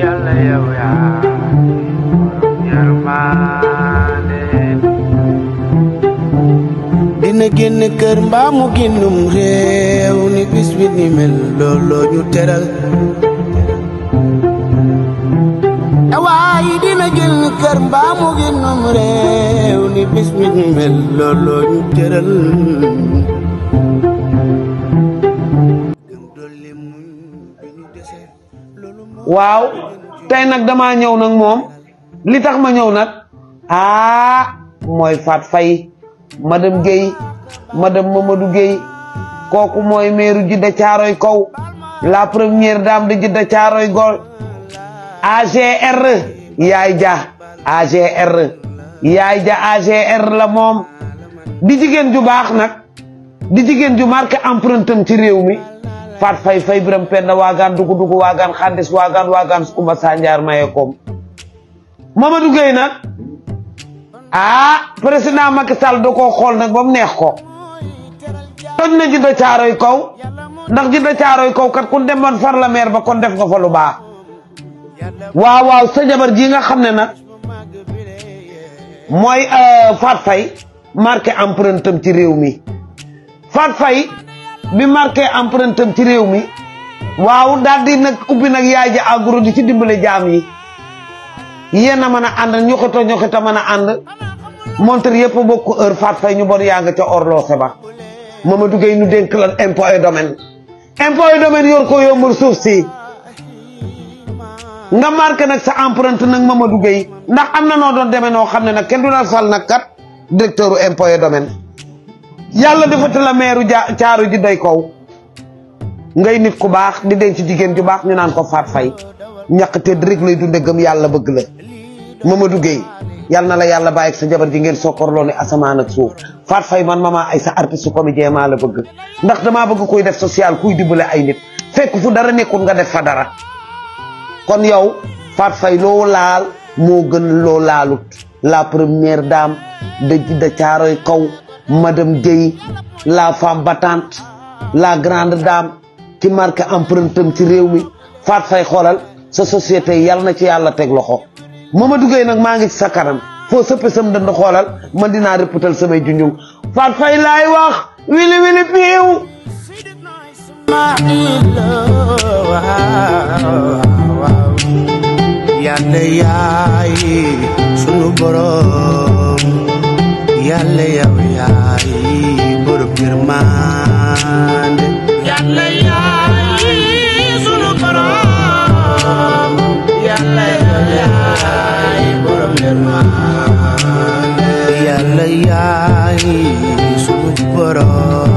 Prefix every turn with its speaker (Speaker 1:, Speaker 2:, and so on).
Speaker 1: yàlla yow yaa yërmaane dina génn kër mbaa mu réew ni bis ni mel looloo ñu teral waaye dina génn kër mbaa mu réew ni bis ni mel looloo ñu teral gëm dolli muñ bi ñu dese waaw tey nag damaa ñëw nag moom li tax ma ñëw nag aa ah, mooy Fat Faye madame Guèye ma Mamadou Guèye kooku mooy meeru Jidda Caaroy Kaw la première dame de Jidda Caaroy Gol AGR yaay ja AGR yaay ja AGR la moom di jigéen ju baax nag di jigéen ju marqué empreinte am ci réew mi faat fay fay biram na waagaan dugu dugu waagaan xandis waagaan waagaan sukumba sandiar maye koom Mamadou Gueye nag ah président Macky Sall da koo xool nag ba mu neex ko toj na jidda caaroy kaw ndax jidda caaroy kaw kat kun demoon far la maire ba kon def nga fa lu waaw waaw sa jabar ji nga xam ne nag mooy euh, faat fay marqué empreinte ci réew mi faat fay bi marqué empreinte am ci réew mi waaw daal di nag ubbi nag yaay ji agro di ci dimbale jaam yi yéen a mën a ànd ñoxito ñoxito mën a ànd montre yëpp bokk heure faat fay ñu bon yaa nga ca orloose ba Mamadou duggee nu dénk lan impôt et domaine impôt et domaine yor ko yombul suuf si nga marqué nag sa empreinte nag Mamadou duggee ndax am na noo doon demee noo xam ne nag kenn du la fal nag kat directeur u impôt et domaine yàlla defatu la meeru ja caaro ji day kow ngay nit ku baax di denc jigéen ju baax ñu naan ko faat fay ñàkk tëdd rek lay dunde gëm yàlla bëgg la Mamadou Gueye yàlla na la yàlla bàyyi sa jabar ji ngeen sokkorloo ne asamaan ak soo faat fay man ma ay sa artiste comédien maa la bëgg ndax damaa bëgg koy def social kuy dimbale ay nit fekk fu dara nekkul nga def fa dara kon yow faat fay loo laal moo gën loo laalut la première dame de de caaroy kaw Madame Guèye la femme battante la grande dame qui marque empreintam ci réew mi faat fay xoolal sa société yal na ci yàlla teg loxo ma Guèye nag maa ngi ci sa kanam foo sëppe sam dënd xoolal ma dinaa rëppatal samay junjung faat fay laay wax wili wili piiw yërmande yàlla yaay sunu borom yàlla yaay borom yërmande yàlla yaay sunu